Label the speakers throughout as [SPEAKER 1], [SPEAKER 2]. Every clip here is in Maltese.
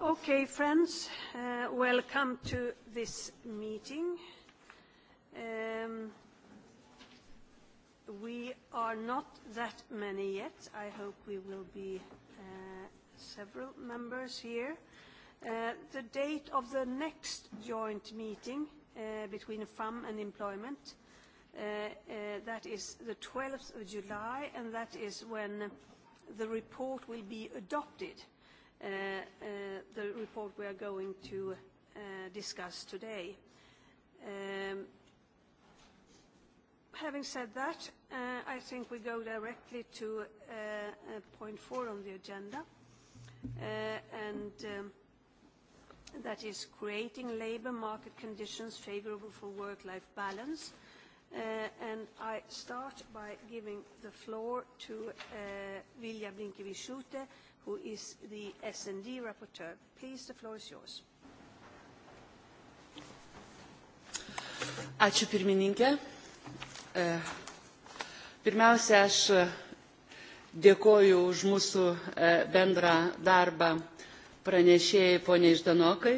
[SPEAKER 1] Okay, friends, uh, welcome to this meeting. Um, we are not that many yet. I hope we will be uh, several members here. Uh, the date of the next joint meeting uh, between FAM and employment, uh, uh, that is the 12th of July, and that is when the report will be adopted, uh, uh, the report we are going to uh, discuss today. Um, having said that, uh, I think we go directly to uh, uh, point four on the agenda, uh, and um, that is creating labour market conditions favourable for work-life balance – Uh, and I start by giving the floor to uh, Vilja Blinkevichute, who is the S&D rapporteur. Please, the floor is yours.
[SPEAKER 2] Ačiū pirmininkė. Uh, pirmiausia, aš dėkoju už mūsų bendrą darbą pranešėjai poniai Ždanokai,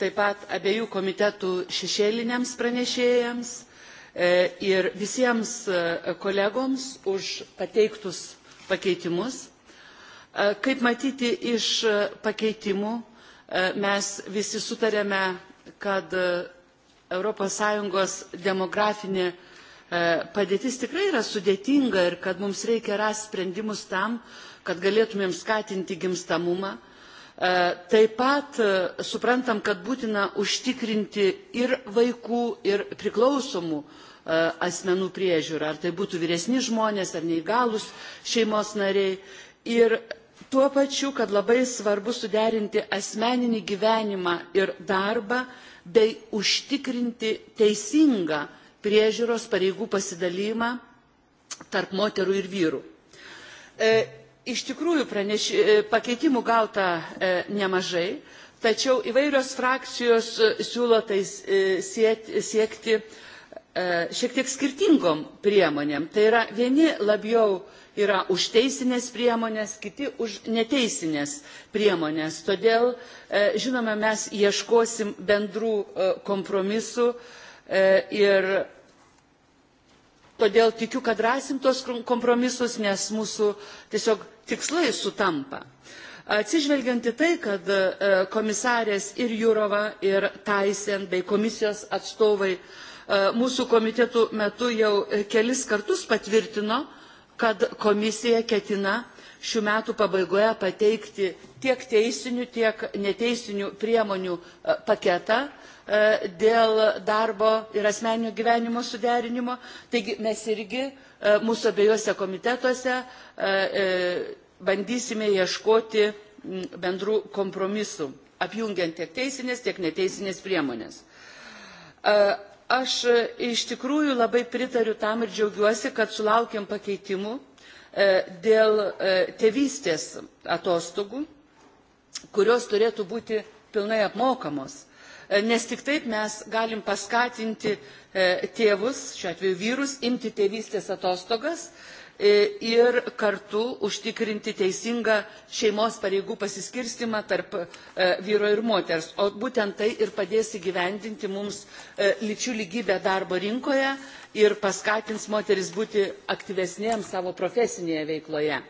[SPEAKER 2] taip pat abiejų komitetų šešėliniams pranešėjams – E, ir visiems e, kolegoms už pateiktus pakeitimus. E, kaip matyti iš pakeitimų, mes visi sutarėme, kad ES demografinė padėtis tikrai yra sudėtinga ir kad mums reikia rasti sprendimus tam, kad galėtumėm skatinti gimstamumą, Э, taip pat э, suprantam, kad būtina užtikrinti ir vaikų, ir priklausomų e, asmenų priežiūrą, ar tai būtų vyresni žmonės, ar neįgalus šeimos nariai. Ir tuo pačiu, kad labai svarbu suderinti asmeninį gyvenimą ir darbą, bei užtikrinti teisingą priežiūros pareigų pasidalymą tarp moterų ir vyrų. E, Iš tikrųjų e, pakeitimų gauta e, nemažai, tačiau įvairios frakcijos e, siūlo tai siekti šiek tiek skirtingom priemonėm. Tai yra vieni labiau yra už teisinės priemonės, kiti už neteisinės priemonės. Todėl, žinoma, mes ieškosim bendrų kompromisų ir Todėl tikiu, kad rasim tos kompromisus, nes mūsų tiesiog tikslai sutampa. Atsižvelgiant į tai, kad e, komisarės ir Jurova, ir Taisen, bei komisijos atstovai e, mūsų komitetų metu jau kelis kartus patvirtino, kad komisija ketina šių metų pabaigoje pateikti tiek teisinių, tiek neteisinių priemonių e, paketą, E, dėl darbo ir asmeninio gyvenimo suderinimo. Taigi mes irgi e, mūsų abiejose komitetuose e, bandysime ieškoti bendrų kompromisų, apjungiant tiek teisinės, tiek neteisinės priemonės. Aš iš tikrųjų labai pritariu tam ir džiaugiuosi, kad sulaukėm pakeitimų dėl tėvystės atostogų, kurios turėtų būti pilnai apmokamos Э, nes tik taip mes galim paskatinti e, tėvus, šiuo atveju vyrus, imti tėvystės atostogas e, ir kartu užtikrinti teisingą šeimos pareigų pasiskirstimą tarp e, vyro ir moters. O būtent tai ir padės įgyvendinti mums lyčių lygybę darbo rinkoje ir paskatins moteris būti aktyvesnėms savo profesinėje veikloje.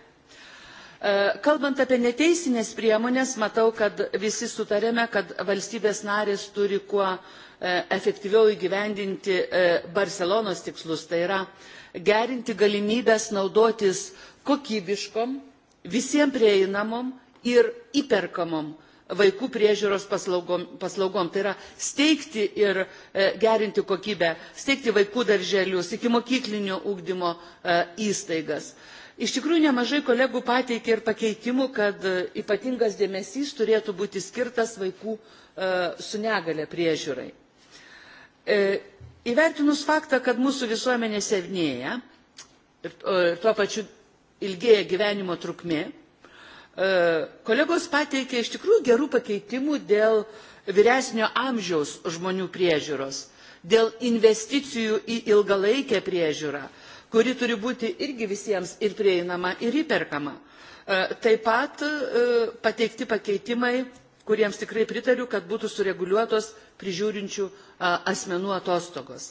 [SPEAKER 2] E, kalbant apie neteisinės priemonės, matau, kad visi sutarėme, kad valstybės narės turi kuo e, efektyviau įgyvendinti e, Barcelonos tikslus, tai yra gerinti galimybės naudotis kokybiškom, visiems prieinamom ir įperkamom vaikų priežiūros paslaugom, paslaugom. Tai yra steigti ir gerinti kokybę, steigti vaikų darželius, ikimokyklinio ugdymo įstaigas. Iš tikrųjų nemažai kolegų pateikė ir pakeitimų, kad e, ypatingas dėmesys turėtų būti skirtas vaikų e, su negale priežiūrai. E, įvertinus faktą, kad mūsų visuomenė sevnėja ir tuo pačiu ilgėja gyvenimo trukmė, kolegos pateikė iš tikrųjų gerų pakeitimų dėl vyresnio amžiaus žmonių priežiūros, dėl investicijų į ilgalaikę priežiūrą, kuri turi būti irgi visiems ir prieinama, ir įperkama. E, taip pat e, pateikti pakeitimai kuriems tikrai pritariu, kad būtų sureguliuotos prižiūrinčių e, asmenų atostogos.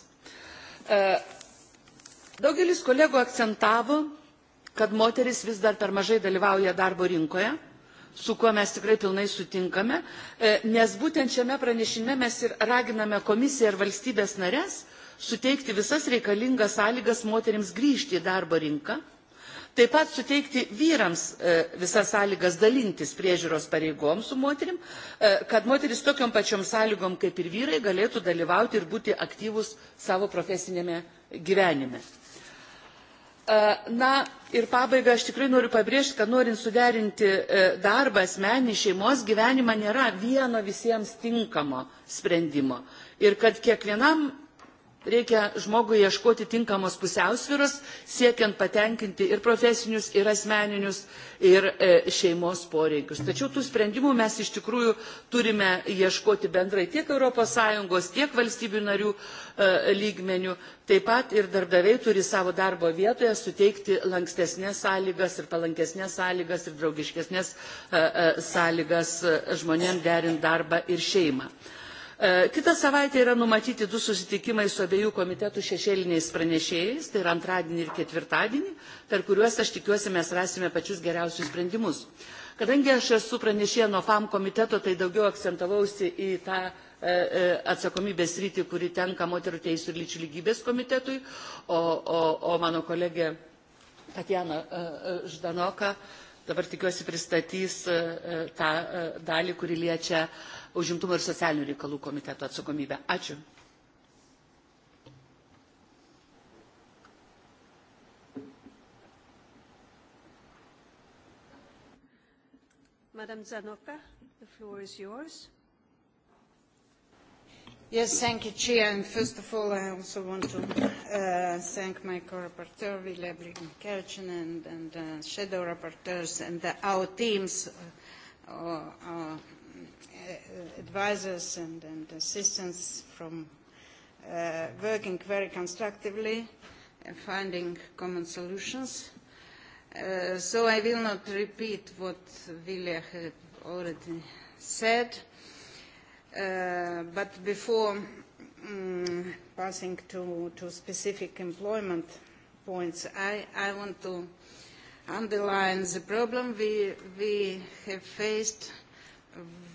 [SPEAKER 2] Daugelis kolegų akcentavo, kad moteris vis dar per mažai dalyvauja darbo rinkoje, su kuo mes tikrai pilnai sutinkame, nes būtent šiame pranešime mes ir raginame komisiją ir valstybės narės suteikti visas reikalingas sąlygas moterims grįžti į darbo rinką, taip pat suteikti vyrams e, visas sąlygas dalintis priežiūros pareigom su moterim, e, kad moteris tokiom pačiom sąlygom kaip ir vyrai galėtų dalyvauti ir būti aktyvus savo profesinėme gyvenime. E, na ir pabaiga aš tikrai noriu pabrėžti, kad norint suderinti darbą asmenį šeimos gyvenimą nėra vieno visiems tinkamo sprendimo. Ir kad kiekvienam reikia žmogui ieškoti tinkamos pusiausviros, siekiant patenkinti ir profesinius, ir asmeninius, ir e, šeimos poreikius. Tačiau tų sprendimų mes iš tikrųjų turime ieškoti bendrai tiek ES, tiek valstybių narių e, lygmenių. Taip pat ir darbdaviai turi savo darbo vietoje suteikti lankstesnės sąlygas ir palankesnės sąlygas ir draugiškesnės e, sąlygas žmonėm derint darbą ir šeimą. E, Kita savaitė yra numatyti du susitikimai su abiejų komitetų šešėliniais pranešėjais, tai yra antradienį ir ketvirtadienį, per kuriuos aš tikiuosi mes rasime pačius geriausius sprendimus. Kadangi aš esu pranešėja nuo FAM komiteto, tai daugiau akcentavausi į tą e, e, atsakomybės rytį, kuri tenka moterų teisų ir lyčių lygybės komitetui, o, o, o mano kolegė Tatjana Ždanoka dabar tikiuosi pristatys tą dalį, kuri liečia užimtumo ir socialinių reikalų komiteto atsakomybę. Ačiū.
[SPEAKER 1] Madam Zanoka, the floor is yours.
[SPEAKER 3] Yes, thank you, Chair. And first of all, I also want to uh, thank my co-rapporteur, Vila Blinkerchen, and, and uh, shadow rapporteurs, and the, our teams, uh, uh, uh, advisors and, and assistants from uh, working very constructively and finding common solutions. Uh, so I will not repeat what Vilja had already said, uh, but before um, passing to, to specific employment points, I, I want to underline the problem we, we have faced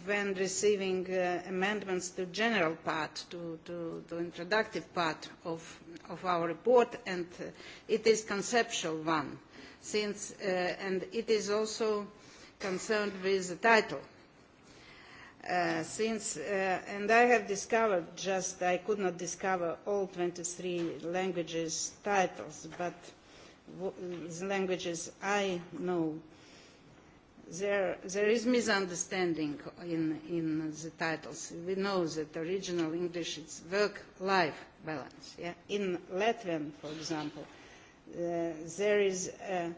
[SPEAKER 3] when receiving uh, amendments to general part, to, to the introductive part of, of our report, and uh, it is conceptual one, since, uh, and it is also concerned with the title. Uh, since, uh, and I have discovered just, I could not discover all 23 languages titles, but w the languages I know there, there is misunderstanding in, in the titles. We know that original English is work-life balance. Yeah? In Latvian, for example, uh, there is uh,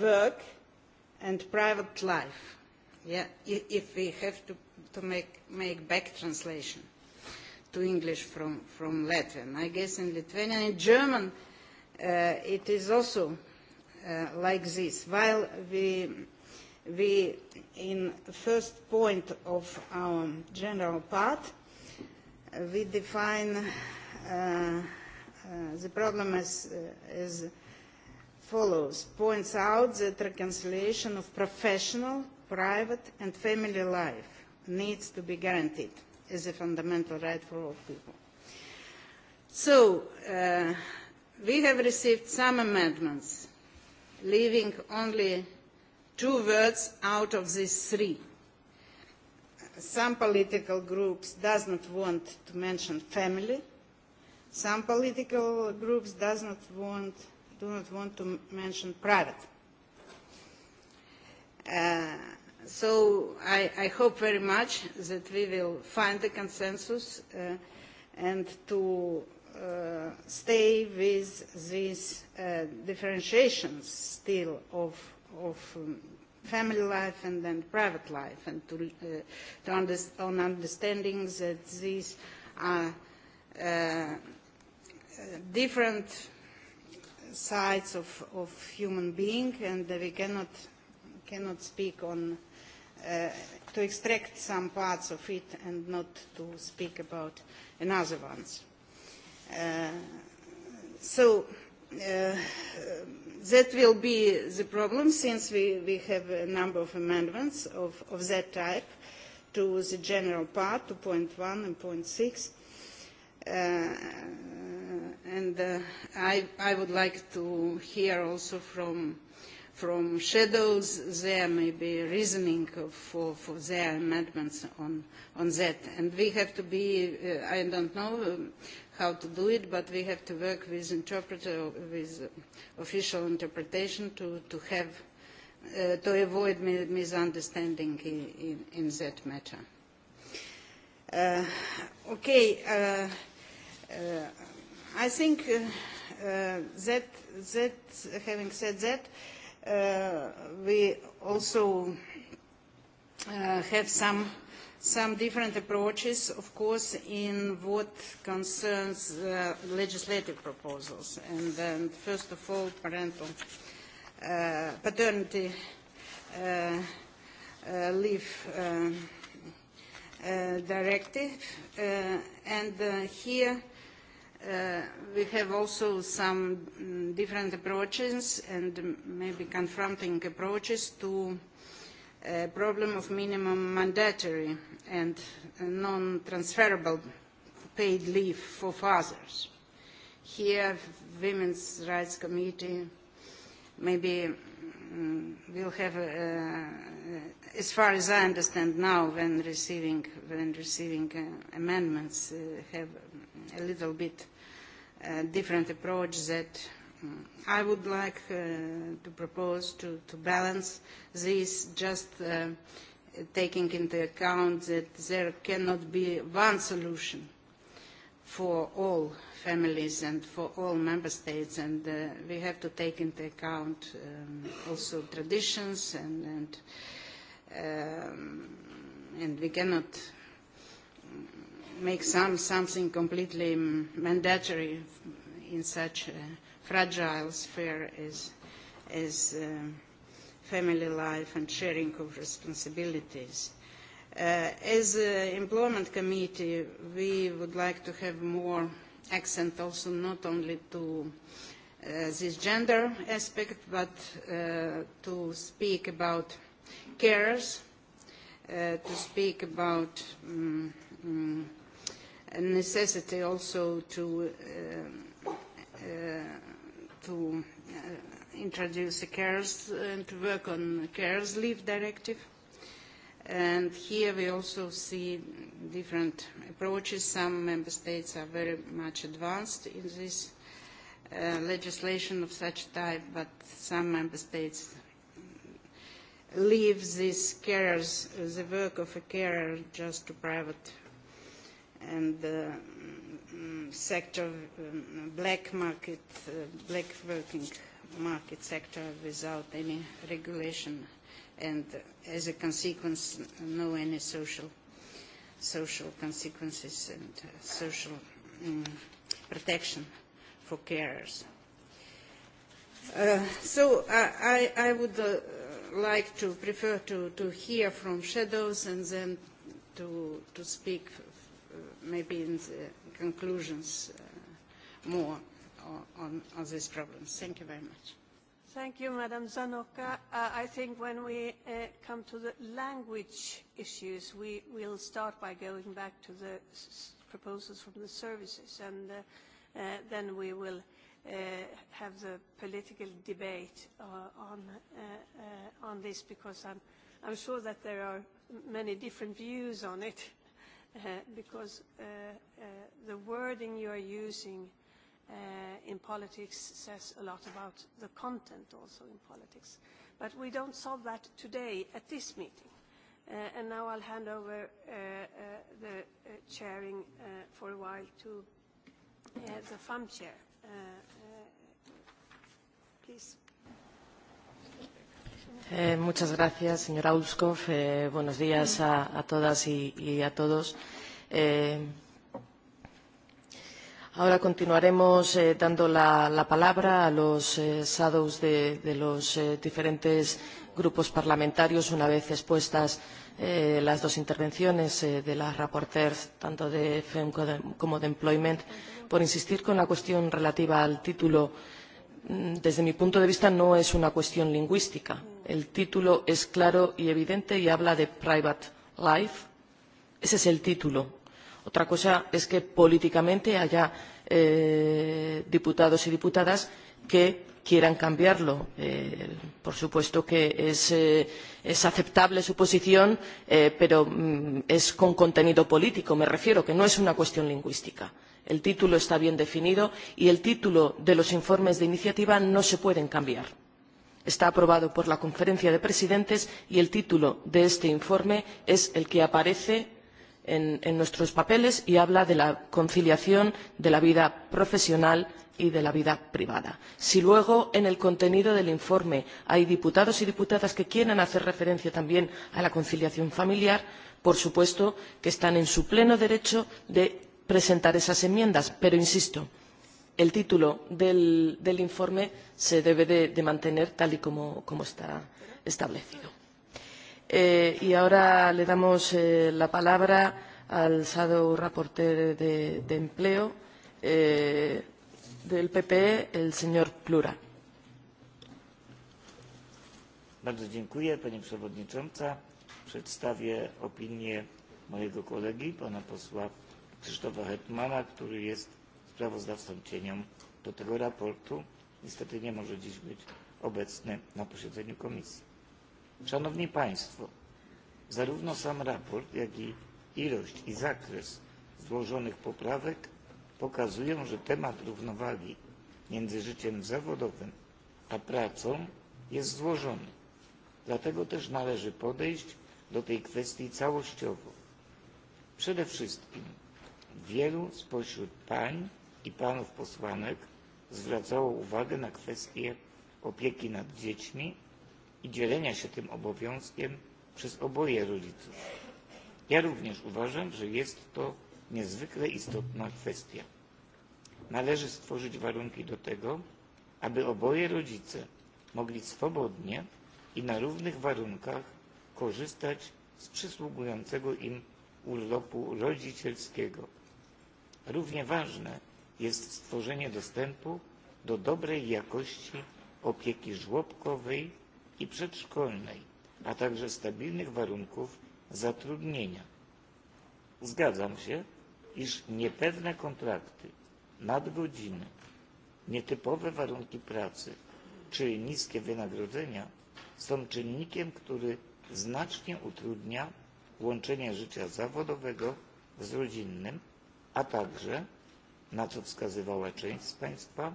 [SPEAKER 3] work and private life. Yeah? If we have to, to make, make back translation to English from, from Latvian. I guess in Lithuanian and German uh, it is also uh, like this. While we we, in first point of our general part, we define uh, uh, the problem as, uh, as follows, points out that reconciliation of professional, private and family life needs to be guaranteed as a fundamental right for all people. So, uh, we have received some amendments, leaving only two words out of these three. Some political groups does not want to mention family. Some political groups does not want, do not want to mention private. Uh, so I, I hope very much that we will find a consensus uh, and to uh, stay with these uh, differentiations still of of um, family life and, then private life and to, uh, to underst on understandings that these are uh, uh, different sides of, of human being and that we cannot, cannot speak on uh, to extract some parts of it and not to speak about another ones. Uh, so uh, that will be the problem since we, we have a number of amendments of, of that type to the general part, to point one and point six. Uh, and uh, I, I would like to hear also from, from shadows there may be reasoning for, for their amendments on, on that. And we have to be, uh, I don't know, um, how to do it, but we have to work with interpreter, with uh, official interpretation to, to have, uh, to avoid misunderstanding in, in, in that matter. Uh, okay, uh, uh, I think uh, uh, that, that, having said that, uh, we also uh, have some some different approaches, of course, in what concerns uh, legislative proposals. And then, first of all, parental uh, paternity uh, uh, leave uh, uh, directive. Uh, and uh, here uh, we have also some mm, different approaches and maybe confronting approaches to uh, problem of minimum mandatory and non-transferable paid leave for fathers. Here, Women's Rights Committee maybe um, will have, a, uh, as far as I understand now, when receiving, when receiving uh, amendments, uh, have a little bit uh, different approach that um, I would like uh, to propose to, to balance this just uh, taking into account that there cannot be one solution for all families and for all member states and uh, we have to take into account um, also traditions and, and, um, and we cannot make some, something completely mandatory in such a fragile sphere as, as uh, family life and sharing of responsibilities. Uh, as the Employment Committee, we would like to have more accent also not only to uh, this gender aspect, but uh, to speak about carers, uh, to speak about um, um, necessity also to uh, uh, to introduce the CARES and uh, to work on CARES leave directive. And here we also see different approaches. Some member states are very much advanced in this uh, legislation of such type, but some member states leave this carers, the work of a carer just to private and uh, sector, um, black market, uh, black working market sector without any regulation and as a consequence no any social social consequences and uh, social um, protection for carers. Uh, so I, I, I would uh, like to prefer to, to hear from shadows and then to, to speak uh maybe in the conclusions uh, more on, on these problems. Thank you very much.
[SPEAKER 1] Thank you, Madam Zanoka. Uh, I think when we uh, come to the language issues, we will start by going back to the s proposals from the services, and uh, uh, then we will uh, have the political debate uh, on, uh, uh, on this, because I'm, I'm sure that there are many different views on it, uh, because uh, uh, the wording you are using – uh, in politics says a lot about the content also in politics. But we don't solve that today at this meeting. Uh, and now I'll hand over uh, uh, the uh, chairing uh, for a while to uh, the FAM chair. Uh, uh, please. Eh,
[SPEAKER 4] muchas gracias, señora Ulskov. Eh, buenos días a, a todas y, y a todos. Eh, Ahora continuaremos eh, dando la, la palabra a los eh, shadows de, de los eh, diferentes grupos parlamentarios una vez expuestas eh, las dos intervenciones eh, de las rapporteurs, tanto de FEM como de Employment, por insistir con la cuestión relativa al título. Mm, desde mi punto de vista no es una cuestión lingüística. El título es claro y evidente y habla de private life. Ese es el título Otra cosa es que políticamente haya eh, diputados y diputadas que quieran cambiarlo. Eh, por supuesto que es, eh, es aceptable su posición, eh, pero mm, es con contenido político, me refiero, que no es una cuestión lingüística. El título está bien definido y el título de los informes de iniciativa no se pueden cambiar. Está aprobado por la Conferencia de Presidentes y el título de este informe es el que aparece en, en nuestros papeles y habla de la conciliación de la vida profesional y de la vida privada. Si luego en el contenido del informe hay diputados y diputadas que quieren hacer referencia también a la conciliación familiar, por supuesto que están en su pleno derecho de presentar esas enmiendas, pero insisto, el título del, del informe se debe de, de mantener tal y como, como está establecido. Eh, y ahora le damos eh, la palabra al Shadow Rapporteur de, de Empleo eh, del PP, el señor Plura.
[SPEAKER 5] Bardzo dziękuję Pani Przewodnicząca. Przedstawię opinię mojego kolegi, pana posła Krzysztofa Hetmana, który jest sprawozdawcą cienią do tego raportu. Niestety nie może dziś być obecny na posiedzeniu komisji. Szanowni Państwo, zarówno sam raport, jak i ilość i zakres złożonych poprawek pokazują, że temat równowagi między życiem zawodowym a pracą jest złożony. Dlatego też należy podejść do tej kwestii całościowo. Przede wszystkim wielu spośród pań i panów posłanek zwracało uwagę na kwestię opieki nad dziećmi i dzielenia się tym obowiązkiem przez oboje rodziców. Ja również uważam, że jest to niezwykle istotna kwestia. Należy stworzyć warunki do tego, aby oboje rodzice mogli swobodnie i na równych warunkach korzystać z przysługującego im urlopu rodzicielskiego. Równie ważne jest stworzenie dostępu do dobrej jakości opieki żłobkowej i przedszkolnej, a także stabilnych warunków zatrudnienia. Zgadzam się, iż niepewne kontrakty, nadgodziny, nietypowe warunki pracy czy niskie wynagrodzenia są czynnikiem, który znacznie utrudnia łączenie życia zawodowego z rodzinnym, a także, na co wskazywała część z Państwa,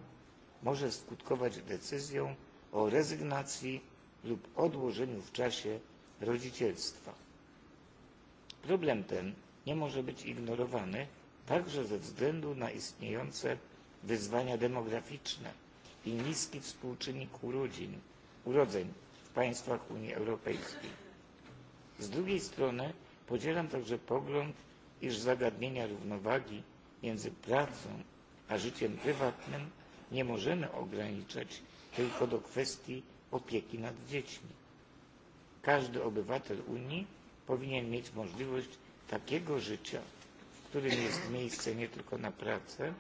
[SPEAKER 5] może skutkować decyzją o rezygnacji lub odłożeniu w czasie rodzicielstwa. Problem ten nie może być ignorowany także ze względu na istniejące wyzwania demograficzne i niski współczynnik urodzin, urodzeń w państwach Unii Europejskiej. Z drugiej strony podzielam także pogląd, iż zagadnienia równowagi między pracą a życiem prywatnym nie możemy ograniczać tylko do kwestii opieki nad dziećmi. Każdy obywatel Unii powinien mieć możliwość takiego życia, w którym jest miejsce nie tylko na pracę,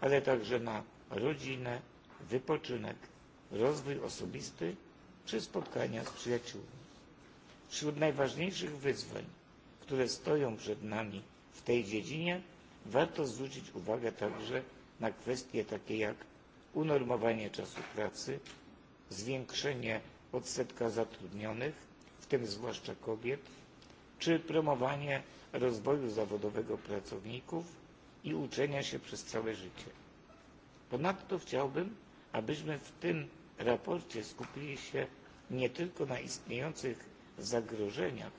[SPEAKER 5] ale także na rodzinę, wypoczynek, rozwój osobisty czy spotkania z przyjaciółmi. Wśród najważniejszych wyzwań, które stoją przed nami w tej dziedzinie, warto zwrócić uwagę także na kwestie takie jak unormowanie czasu pracy, zwiększenie odsetka zatrudnionych, w tym zwłaszcza kobiet, czy promowanie rozwoju zawodowego pracowników i uczenia się przez całe życie. Ponadto chciałbym, abyśmy w tym raporcie skupili się nie tylko na istniejących zagrożeniach,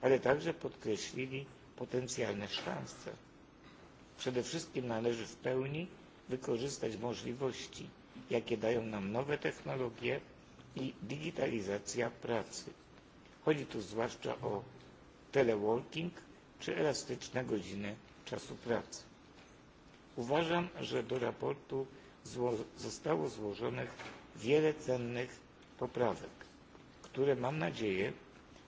[SPEAKER 5] ale także podkreślili potencjalne szanse. Przede wszystkim należy w pełni wykorzystać możliwości, jakie dają nam nowe technologie i digitalizacja pracy. Chodzi tu zwłaszcza o teleworking czy elastyczne godziny czasu pracy. Uważam, że do raportu zło zostało złożonych wiele cennych poprawek, które mam nadzieję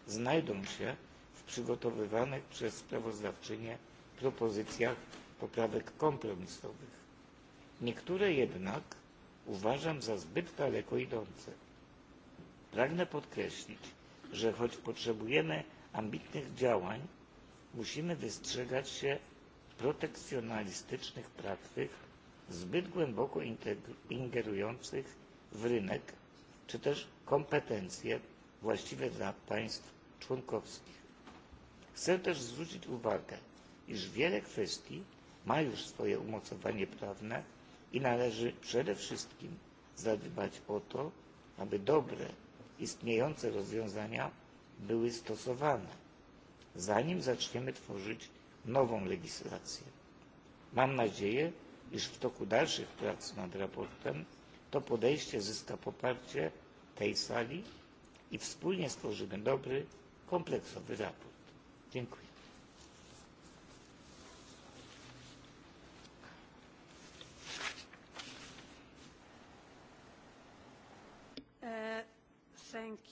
[SPEAKER 5] znajdą się w przygotowywanych przez sprawozdawczynię propozycjach poprawek kompromisowych. Niektóre jednak uważam za zbyt daleko idące. Pragnę podkreślić, że choć potrzebujemy ambitnych działań, musimy wystrzegać się protekcjonalistycznych praktyk zbyt głęboko ingerujących w rynek czy też kompetencje właściwe dla państw członkowskich. Chcę też zwrócić uwagę, iż wiele kwestii ma już swoje umocowanie prawne i należy przede wszystkim zadbać o to, aby dobre, istniejące rozwiązania były stosowane, zanim zaczniemy tworzyć nową legislację. Mam nadzieję, iż w toku dalszych prac nad raportem to podejście zyska poparcie tej sali i wspólnie stworzymy dobry, kompleksowy raport. Dziękuję.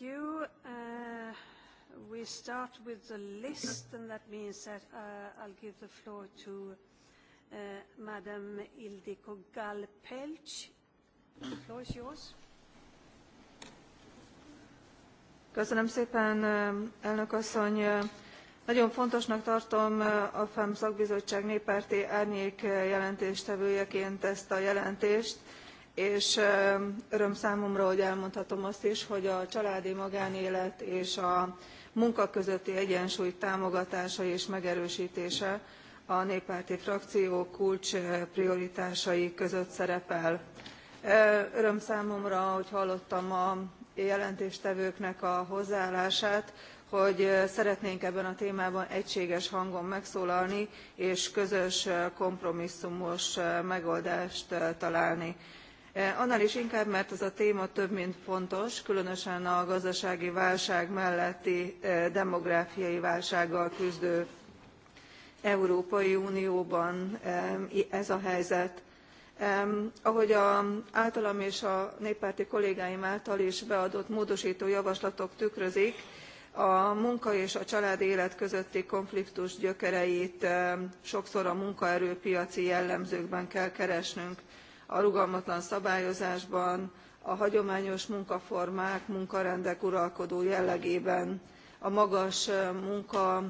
[SPEAKER 1] you. Uh, we start with the list, and that means that uh, I'll give the floor to uh, Madam Ildiko Galpelch. The floor is yours.
[SPEAKER 6] Köszönöm szépen, um, elnök asszony. Uh, nagyon fontosnak tartom uh, a FEM szakbizottság néppárti árnyék uh, jelentéstevőjeként ezt a jelentést és öröm számomra, hogy elmondhatom azt is, hogy a családi magánélet és a munka közötti egyensúly támogatása és megerősítése a néppárti frakció kulcs prioritásai között szerepel. Öröm számomra, hogy hallottam a jelentéstevőknek a hozzáállását, hogy szeretnénk ebben a témában egységes hangon megszólalni és közös kompromisszumos megoldást találni. E, annál is inkább, mert ez a téma több mint fontos, különösen a gazdasági válság melletti e, demográfiai válsággal küzdő Európai Unióban e, ez a helyzet. Ahogy a, általam és a néppárti kollégáim által is beadott módosító javaslatok tükrözik, a munka és a családi élet közötti konfliktus gyökereit sokszor a munkaerőpiaci jellemzőkben kell keresnünk a rugalmatlan szabályozásban, a hagyományos munkaformák, munkarendek uralkodó jellegében, a magas munka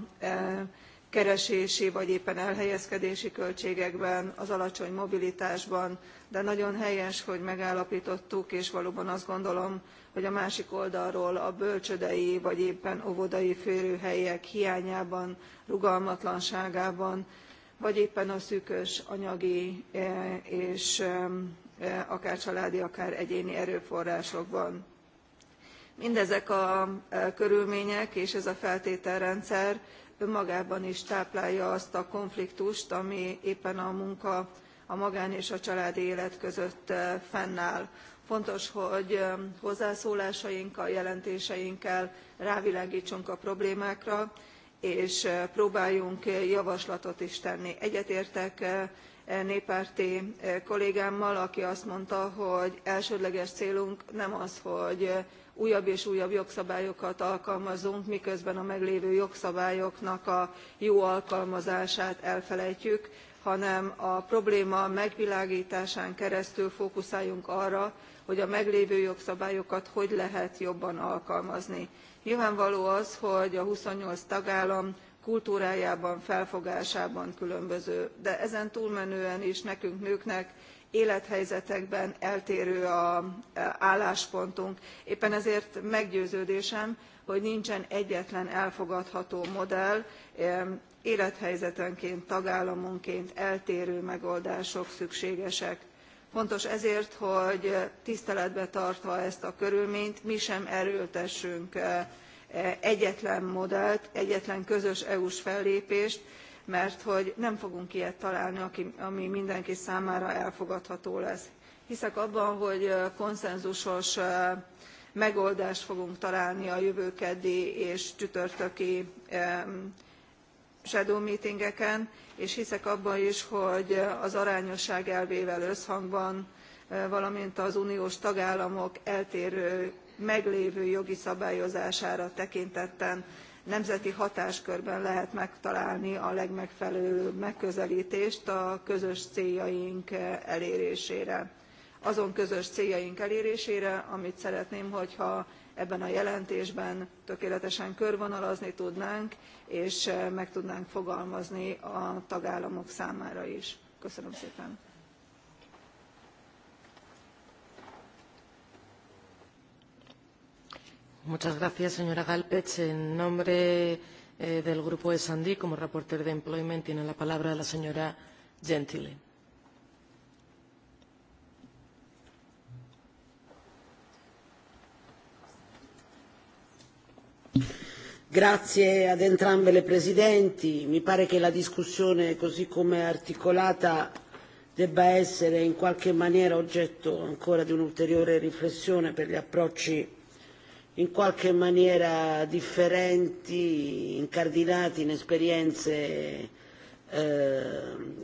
[SPEAKER 6] keresési vagy éppen elhelyezkedési költségekben, az alacsony mobilitásban, de nagyon helyes, hogy megállapítottuk, és valóban azt gondolom, hogy a másik oldalról a bölcsödei vagy éppen óvodai férőhelyek hiányában, rugalmatlanságában vagy éppen a szűkös anyagi e, és e, e, akár családi, akár egyéni erőforrásokban. Mindezek a körülmények és ez a feltételrendszer önmagában is táplálja azt a konfliktust, ami éppen a munka, a magán és a családi élet között fennáll. Fontos, hogy hozzászólásainkkal, jelentéseinkkel rávilágítsunk a problémákra, és eh, próbáljunk eh, javaslatot is tenni. Egyetértek eh, néppárti kollégámmal, aki azt mondta, hogy elsődleges célunk nem az, hogy újabb és újabb jogszabályokat alkalmazunk, miközben a meglévő jogszabályoknak a jó alkalmazását elfelejtjük, hanem a probléma megvilágításán keresztül fókuszáljunk arra, hogy a meglévő jogszabályokat hogy lehet jobban alkalmazni nyilvánvaló az hogy a 28 tagállam kultúrájában felfogásában különböző de ezen túlmenően is nekünk nőknek élethelyzetekben eltérő az álláspontunk éppen ezért meggyőződésem hogy nincsen egyetlen elfogadható modell élethelyzetenként tagállamonként eltérő megoldások szükségesek Fontos ezért, hogy tiszteletbe tartva ezt a körülményt, mi sem erőltessünk eh, egyetlen modellt, egyetlen közös EU-s fellépést, mert hogy nem fogunk ilyet találni, ami mindenki számára elfogadható lesz. Hiszek abban, hogy eh, konszenzusos eh, megoldást fogunk találni a jövő keddi és csütörtöki shadow meetingeken, és hiszek abban is, hogy az arányosság elvével összhangban, valamint az uniós tagállamok eltérő meglévő jogi szabályozására tekintetten nemzeti hatáskörben lehet megtalálni a legmegfelelőbb megközelítést a közös céljaink elérésére. Azon közös céljaink elérésére, amit szeretném, hogyha ebben a jelentésben tökéletesen körvonalazni tudnánk, és eh, meg tudnánk fogalmazni a tagállamok számára is. Köszönöm szépen!
[SPEAKER 4] Muchas gracias, señora Galpech. En nombre eh, del Grupo de Sandí, como reporter de Employment, tiene la palabra la señora Gentile.
[SPEAKER 7] Grazie ad entrambe le presidenti, mi pare che la discussione così come articolata debba essere in qualche maniera oggetto ancora di un'ulteriore riflessione per gli approcci in qualche maniera differenti, incardinati in esperienze eh,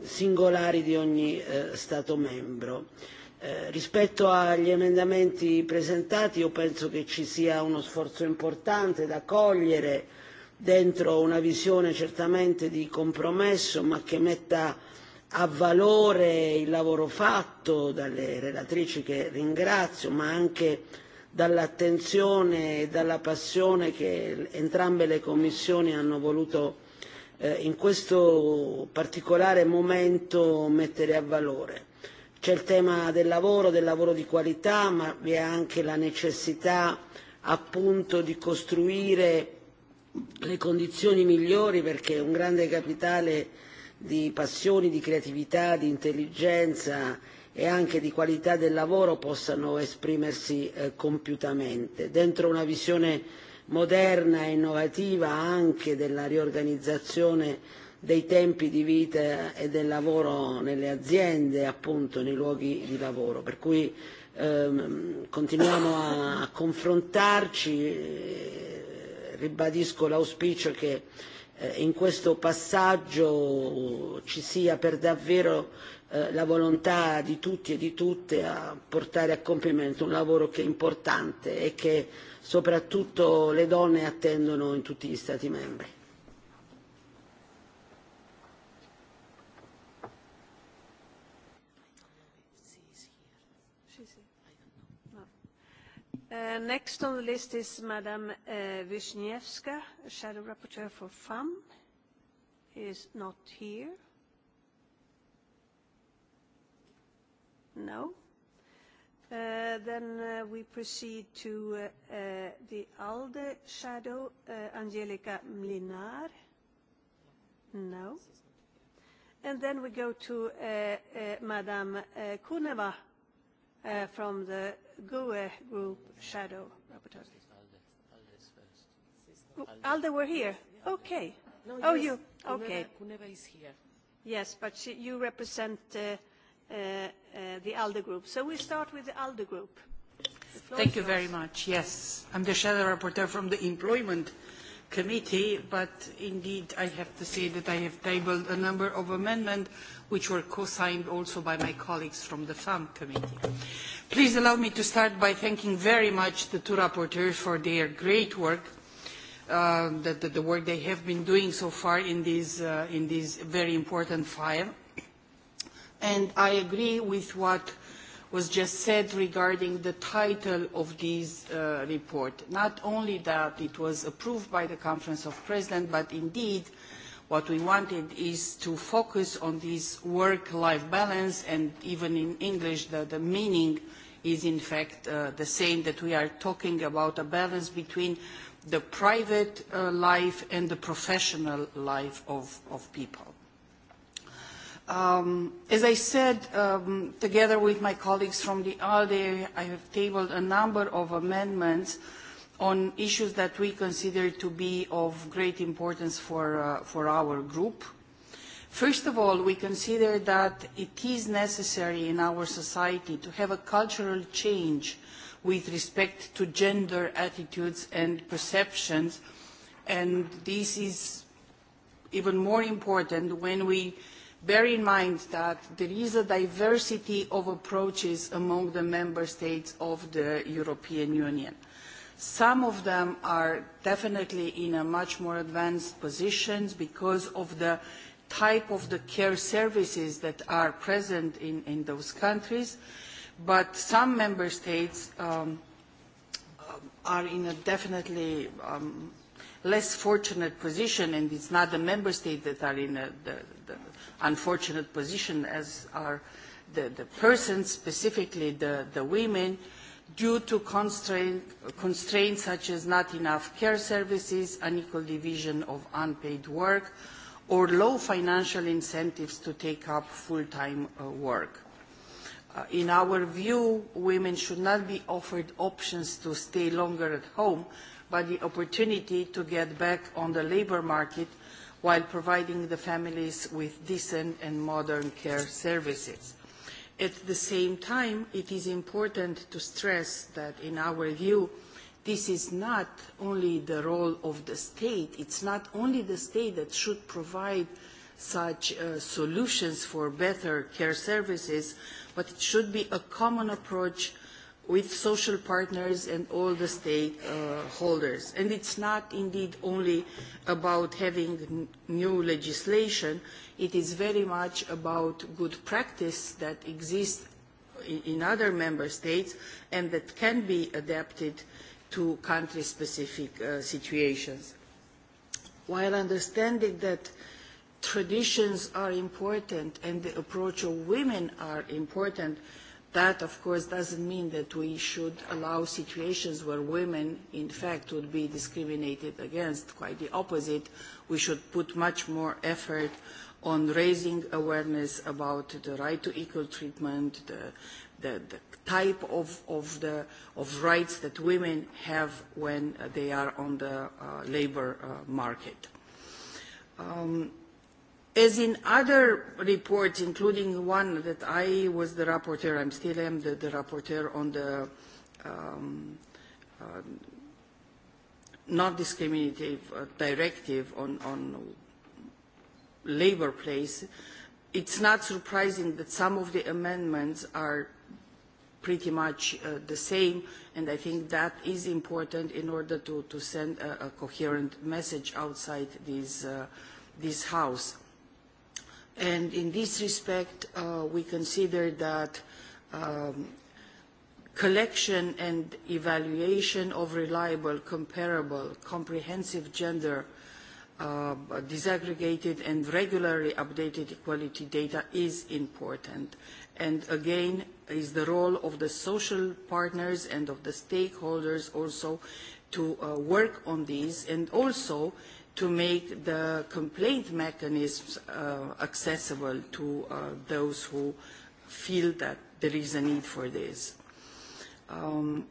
[SPEAKER 7] singolari di ogni eh, Stato membro. Eh, rispetto agli emendamenti presentati io penso che ci sia uno sforzo importante da cogliere dentro una visione certamente di compromesso ma che metta a valore il lavoro fatto dalle relatrici che ringrazio ma anche dall'attenzione e dalla passione che entrambe le commissioni hanno voluto eh, in questo particolare momento mettere a valore. C'è il tema del lavoro, del lavoro di qualità, ma vi è anche la necessità appunto di costruire le condizioni migliori perché un grande capitale di passioni, di creatività, di intelligenza e anche di qualità del lavoro possano esprimersi eh, compiutamente. Dentro una visione moderna e innovativa anche della riorganizzazione dei tempi di vita e del lavoro nelle aziende, appunto nei luoghi di lavoro. Per cui ehm, continuiamo a, a confrontarci, eh, ribadisco l'auspicio che eh, in questo passaggio ci sia per davvero eh, la volontà di tutti e di tutte a portare a compimento un lavoro che è importante e che soprattutto le donne attendono in tutti gli Stati membri.
[SPEAKER 1] Uh, next on the list is Madame uh, Wisniewska, Shadow Rapporteur for FAM. Is not here. No. Uh, then uh, we proceed to uh, uh, the ALDE shadow, uh, Angelica Mlinar. No. And then we go to uh, uh, Madame uh, Kuneva, uh, from the GUE Group Shadow rapporteurs.
[SPEAKER 4] Alde, were here? Okay.
[SPEAKER 1] No, oh, yes, you? Okay.
[SPEAKER 4] Kuneva, is here.
[SPEAKER 1] Yes, but she, you represent uh, uh, uh, the ALDE group. So we start with the ALDE group. The Thank you yours. very
[SPEAKER 8] much. Yes, I'm the shadow rapporteur from the Employment Committee, but indeed I have to say that I have tabled a number of amendments which were co-signed also by my colleagues from the FAM committee. Please allow me to start by thanking very much the two rapporteurs for their great work, uh, the, the, the work they have been doing so far in this, uh, in this very important file. And I agree with what was just said regarding the title of this uh, report. Not only that it was approved by the Conference of Presidents, but indeed uh, What we wanted is to focus on this work-life balance and even in English the, the meaning is in fact uh, the same that we are talking about a balance between the private uh, life and the professional life of, of people. Um, as I said, um, together with my colleagues from the ALDE, I have tabled a number of amendments uh, on issues that we consider to be of great importance for, uh, for our group. First of all, we consider that it is necessary in our society to have a cultural change with respect to gender attitudes and perceptions, and this is even more important when we bear in mind that there is a diversity of approaches among the member states of the European Union. Some of them are definitely in a much more advanced positions because of the type of the care services that are present in, in those countries, but some member states um, um, are in a definitely um, less fortunate position, and it's not the member States that are in a, the, the unfortunate position as are the, the persons, specifically the, the women, uh, due to constraint, constraints such as not enough care services, unequal division of unpaid work, or low financial incentives to take up full-time uh, work. Uh, in our view, women should not be offered options to stay longer at home, but the opportunity to get back on the labor market while providing the families with decent and modern care services. At the same time, it is important to stress that, in our view, this is not only the role of the state, it's not only the state that should provide such uh, solutions for better care services, but it should be a common approach with social partners and all the stakeholders. Uh, and it's not indeed only about having new legislation, it is very much about good practice that exists in, in other member states and that can be adapted to country-specific uh, situations. While understanding that traditions are important and the approach of women are important, That, of course, doesn't mean that we should allow situations where women, in fact, would be discriminated against. Quite the opposite. We should put much more effort on raising awareness about the right to equal treatment, the, the, the type of, of, the, of rights that women have when they are on the uh, labor uh, market. Um, As in other reports, including one that I was the rapporteur, I'm still am the, the rapporteur on the um, uh, non-discriminative uh, directive on, on labor place, it's not surprising that some of the amendments are pretty much uh, the same, and I think that is important in order to, to send a, a coherent message outside this, uh, this house. And in this respect, uh, we consider that um, collection and evaluation of reliable, comparable, comprehensive gender, uh, disaggregated and regularly updated equality data is important. And again, is the role of the social partners and of the stakeholders also to uh, work on these and also to make the complaint mechanisms uh, accessible to uh, those who feel that there is a need for this. Um,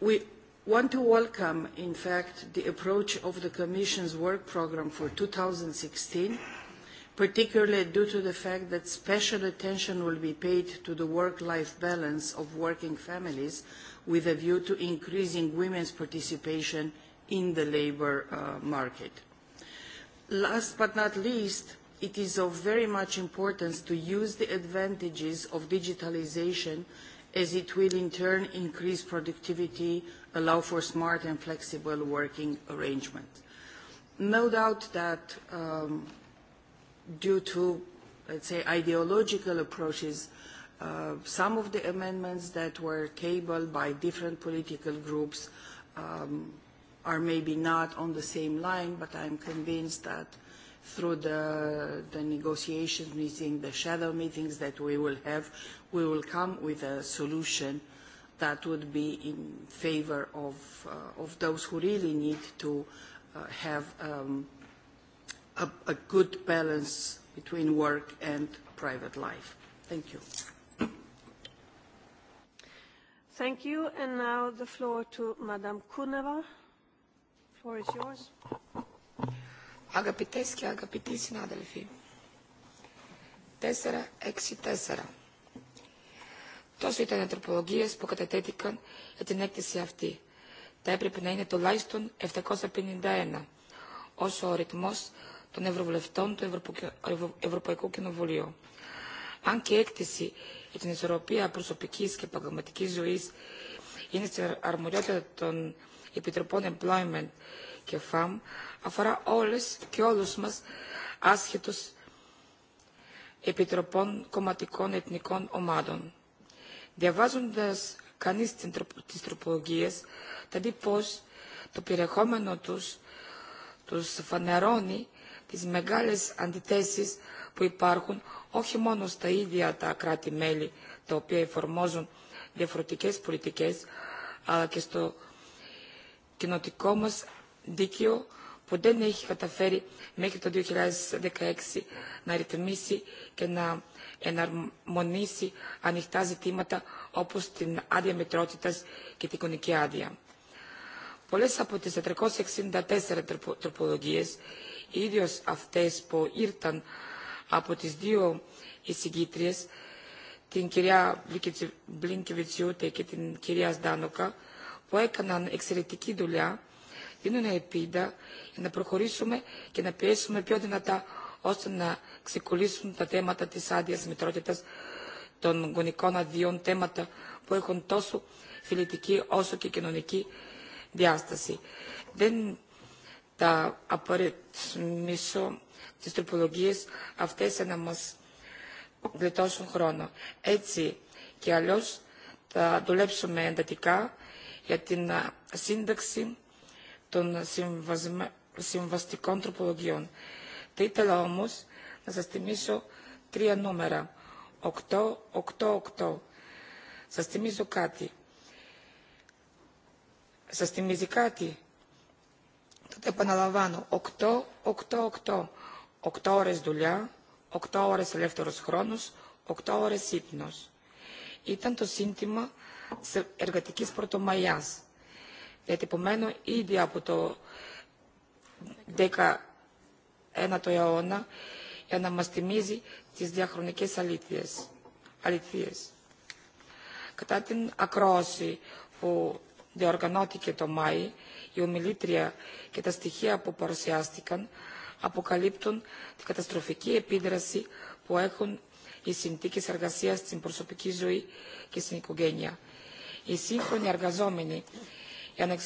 [SPEAKER 8] we want to welcome, in fact, the approach of the Commission's work program for 2016, particularly due to the fact that special attention will be paid to the work-life balance of working families with a view to increasing women's participation in the labor uh, market. Last but not least, it is of very much importance to use the advantages of digitalization as it will in turn increase productivity, allow for smart and flexible working arrangements. No doubt that um, due to, let's say, ideological approaches Uh, some of the amendments that were tabled by different political groups um, are maybe not on the same line, but I'm convinced that through the, the negotiations meeting, the shadow meetings that we will have, we will come with a solution that would be in favor of, uh, of those who really need to uh, have um, a, a good balance between work and private life. Thank you.
[SPEAKER 1] Thank you. And now the floor to Madam
[SPEAKER 9] Kuneva. Floor is yours. Αγαπητές αγαπητοί συνάδελφοι, 4-6-4. Τόσο ήταν οι τροπολογίες που κατατέθηκαν για την έκθεση αυτή. Θα έπρεπε να είναι τουλάχιστον 751, όσο ο ρυθμός των Ευρωβουλευτών του Ευρωπαϊκού Κοινοβουλίου. Αν και η έκθεση και την ισορροπία προσωπική και επαγγελματικής ζωή, είναι στην αρμοδιότητα των Επιτροπών Employment και FAM αφορά όλες και όλου μα άσχετους επιτροπών κομματικών εθνικών ομάδων. Διαβάζοντα κανεί τι τροπολογίε, θα δει πω το περιεχόμενο του τους φανερώνει τις μεγάλες αντιθέσεις που υπάρχουν όχι μόνο στα ίδια τα κράτη-μέλη τα οποία εφαρμόζουν διαφορετικές πολιτικές, αλλά και στο κοινοτικό μας δίκαιο που δεν έχει καταφέρει μέχρι το 2016 να ρυθμίσει και να εναρμονίσει ανοιχτά ζητήματα όπως την άδεια μετρότητας και την εικονική άδεια. Πολλές από τις 464 τροπολογίες, ίδιος αυτές που ήρθαν από τις δύο εισηγήτριες, την κυρία Μπλίνκεβιτσιούτε και την κυρία Σντάνοκα, που έκαναν εξαιρετική δουλειά, δίνουν ελπίδα για να προχωρήσουμε και να πιέσουμε πιο δυνατά ώστε να ξεκολλήσουν τα θέματα της άδειας μητρότητας των γονικών αδειών, θέματα που έχουν τόσο φιλετική όσο και κοινωνική διάσταση. Δεν τα απορριθμίσω τις τροπολογίες αυτές για να μας γλιτώσουν χρόνο. Έτσι και αλλιώς θα δουλέψουμε εντατικά για την σύνταξη των συμβαστικών τροπολογιών. Θα ήθελα όμως να σας θυμίσω τρία νούμερα. 8-8-8. Σας θυμίζω κάτι. Σας θυμίζει κάτι. Τότε επαναλαμβάνω. 8-8-8. Οκτώ ώρες δουλειά, οκτώ ώρες ελεύθερος χρόνος, 8 ώρες ύπνος. Ήταν το σύνθημα της εργατικής πρωτομαγιάς. Διατυπωμένο ήδη από το 19ο αιώνα για να μας θυμίζει τις διαχρονικές αλήθειες. αλήθειες. Κατά την ακρόαση που διοργανώθηκε το Μάη, η ομιλήτρια και τα στοιχεία που παρουσιάστηκαν αποκαλύπτουν την καταστροφική επίδραση που έχουν οι συνθήκε εργασία στην προσωπική ζωή και στην οικογένεια. Οι σύγχρονοι εργαζόμενοι, για να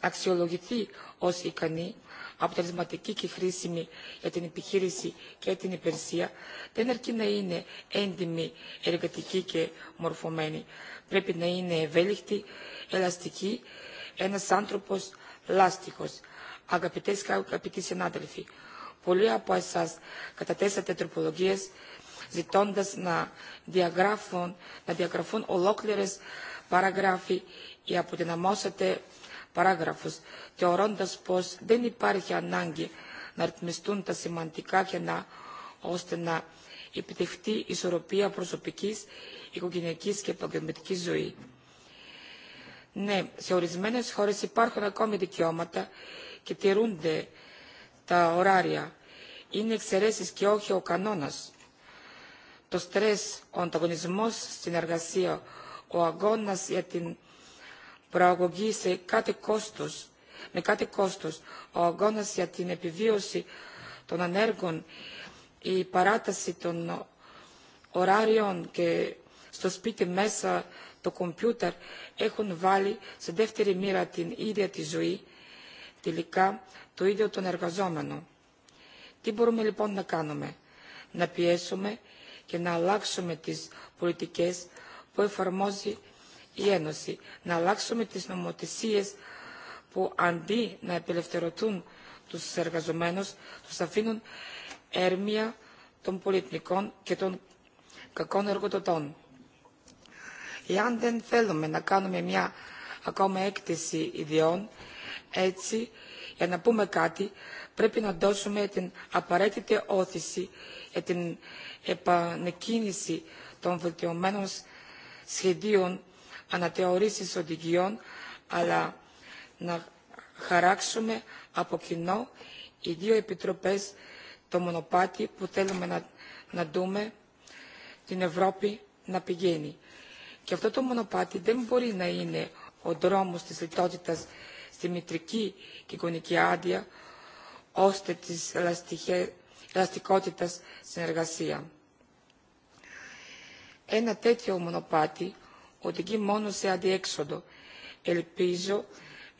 [SPEAKER 9] αξιολογηθεί ως ικανοί, αποτελεσματική και χρήσιμη για την επιχείρηση και την υπηρεσία, δεν αρκεί να είναι έντιμη, εργατική και μορφωμένη. Πρέπει να είναι ευέλικτη, ελαστική, ένας άνθρωπος λάστιχος, Αγαπητές και αγαπητοί συνάδελφοι, πολλοί από εσάς κατατέσατε τροπολογίες ζητώντας na diagrafon, να διαγραφούν ολόκληρες παραγράφοι ή αποδυναμώσετε παράγραφους, θεωρώντας πως δεν υπάρχει ανάγκη να ρυθμιστούν τα σημαντικά ώστε να επιτευχθεί ισορροπία προσωπικής, οικογενειακής και επαγγελματικής ζωής. Ναι, σε ορισμένες χώρες υπάρχουν ακόμη δικαιώματα και τηρούνται τα ωράρια είναι εξαιρέσεις και όχι ο κανόνα. Το στρες, ο ανταγωνισμό, στην εργασία, ο αγώνα για την προαγωγή σε κάτι κόστο, με κάτι κόστος, ο αγώνα για την επιβίωση των ανέργων, η παράταση των ωράριων και στο σπίτι μέσα το κομπιούτερ έχουν βάλει σε δεύτερη μοίρα την ίδια τη ζωή τελικά το ίδιο τον εργαζόμενο. Τι μπορούμε λοιπόν να κάνουμε, να πιέσουμε και να αλλάξουμε τις πολιτικές που εφαρμόζει η Ένωση, να αλλάξουμε τις νομοθεσίες που αντί να απελευθερωθούν τους εργαζομένους, τους αφήνουν έρμια των πολιτικών και των κακών εργοδοτών. Εάν δεν θέλουμε να κάνουμε μια ακόμα έκθεση ιδιών, Έτσι, για να πούμε κάτι, πρέπει να δώσουμε την απαραίτητη όθηση για την επανεκκίνηση των βελτιωμένων σχεδίων αναθεωρήσεις οδηγιών, αλλά να χαράξουμε από κοινό οι δύο επιτροπές το μονοπάτι που θέλουμε να, να δούμε την Ευρώπη να πηγαίνει. Και αυτό το μονοπάτι δεν μπορεί να είναι ο δρόμος της λιτότητας στη μητρική και εικονική άδεια, ώστε της ελαστικότητας συνεργασία. Ένα τέτοιο μονοπάτι οδηγεί μόνο σε αντιέξοδο. Ελπίζω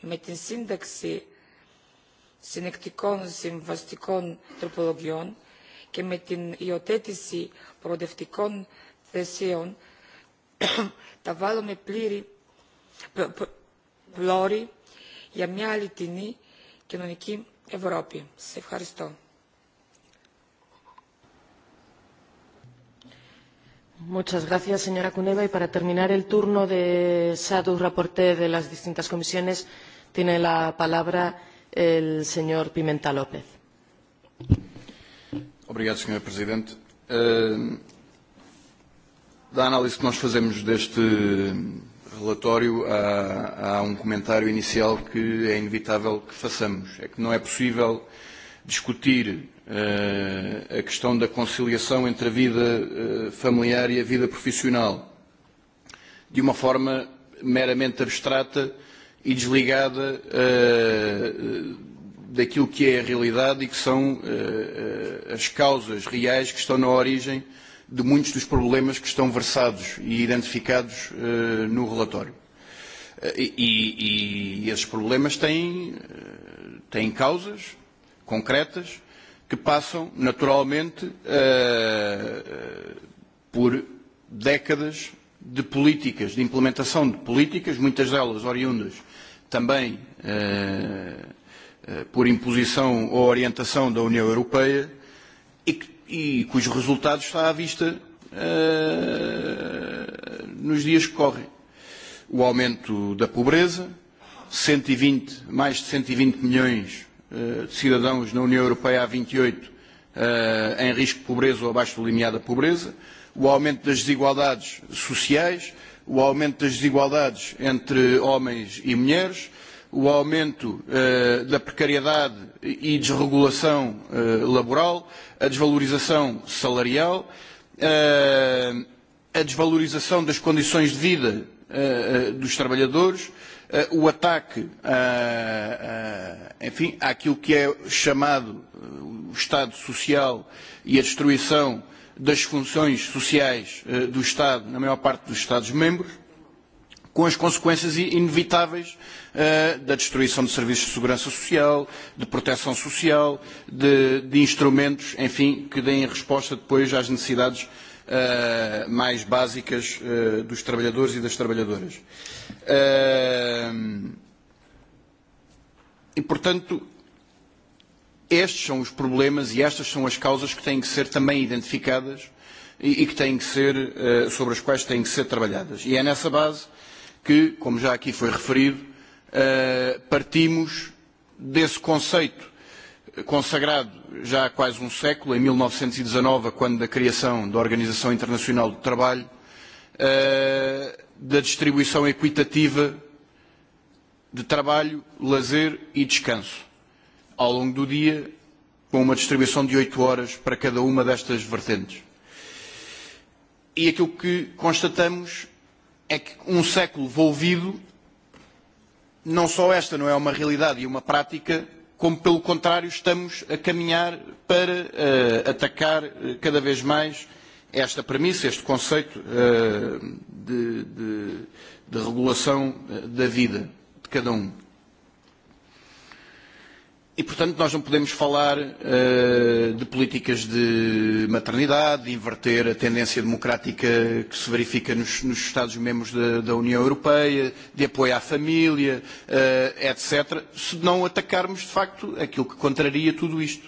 [SPEAKER 9] με την σύνταξη συνεκτικών συμβαστικών τροπολογιών και με την υιοθέτηση προοδευτικών θεσίων τα βάλουμε πλήρη, πλώρη για μια αληθινή κοινωνική Ευρώπη. Σας ευχαριστώ.
[SPEAKER 4] Muchas gracias, señora Cuneva. Y para terminar el turno de SADU, reporte de las distintas comisiones, tiene la palabra el señor Pimenta López.
[SPEAKER 10] Obrigado, señor Presidente. Uh, da análise que nós fazemos deste, relatório há, há um comentário inicial que é inevitável que façamos. É que não é possível discutir uh, a questão da conciliação entre a vida uh, familiar e a vida profissional de uma forma meramente abstrata e desligada uh, daquilo que é a realidade e que são uh, uh, as causas reais que estão na origem uh, de muitos dos problemas que estão versados e identificados uh, no relatório. Uh, e, e esses problemas têm, uh, têm causas concretas que passam naturalmente uh, por décadas de políticas, de implementação de políticas, muitas delas oriundas também uh, uh, por imposição ou orientação da União Europeia, e que e cujo resultado está à vista uh, nos dias que correm. O aumento da pobreza, 120, e mais de 120 e milhões uh, de cidadãos na União Europeia há 28 uh, e eh, em risco de pobreza ou abaixo do limiar da pobreza, o aumento das desigualdades sociais, o aumento das desigualdades entre homens e mulheres, uh, o aumento uh, da precariedade e desregulação uh, laboral, a desvalorização salarial, uh, a desvalorização das condições de vida uh, dos trabalhadores, uh, o ataque a, a, enfim, àquilo que é chamado o Estado Social e a destruição das funções sociais uh, do Estado na maior parte dos Estados-membros, com as consequências inevitáveis uh, da destruição de serviços de segurança social, de proteção social, de, de instrumentos, enfim, que deem resposta depois às necessidades uh, mais básicas uh, dos trabalhadores e das trabalhadoras. Uh, e, portanto, estes são os problemas e estas são as causas que têm que ser também identificadas e, e que têm que ser, uh, sobre as quais têm que ser trabalhadas. E é nessa base uh, que, como já aqui foi referido, eh, partimos desse conceito eh, consagrado já há quase um século, em 1919, e quando da criação da Organização Internacional do Trabalho, eh, da distribuição equitativa de trabalho, lazer e descanso, ao longo do dia, com uma distribuição de oito horas para cada uma destas vertentes. E aquilo que constatamos é que um século volvido, não só esta não é uma realidade e uma prática, como pelo contrário estamos a caminhar para uh, atacar eh, cada vez mais esta premissa, este conceito uh, de, de, de regulação da vida de cada um. E, portanto, nós não podemos falar uh, de políticas de maternidade, de inverter a tendência democrática que se verifica nos, nos Estados-membros da, da União Europeia, de apoio à família, uh, eh, etc., se não atacarmos, de facto, aquilo que contraria tudo isto.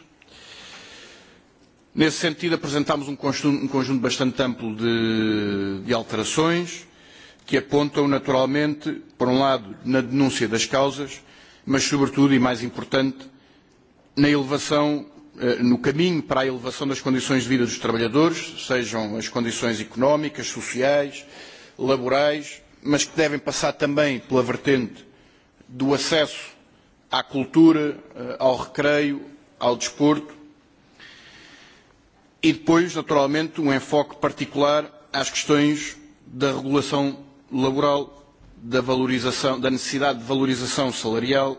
[SPEAKER 10] Nesse sentido, apresentámos um conjunto, um conjunto bastante amplo de, de alterações que apontam, naturalmente, por um lado, na denúncia das causas, mas sobretudo e mais importante, na elevação, eh, no caminho para a elevação das condições de vida dos trabalhadores, sejam as condições económicas, sociais, laborais, mas que devem passar também pela vertente do acesso à cultura, eh, ao recreio, ao desporto e depois, naturalmente, um enfoque particular às questões da regulação laboral, da, valorização, da necessidade de valorização salarial,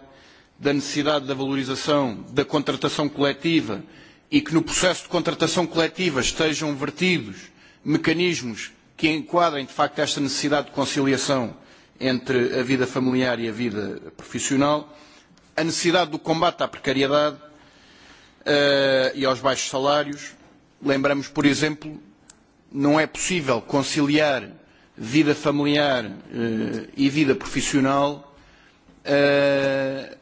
[SPEAKER 10] da necessidade da valorização da contratação coletiva e que no processo de contratação coletiva estejam vertidos mecanismos que enquadrem de facto esta necessidade de conciliação entre a vida familiar e a vida profissional, a necessidade do combate à precariedade uh, e aos baixos salários. Lembramos, por exemplo, não é possível conciliar vida familiar uh, e vida profissional uh,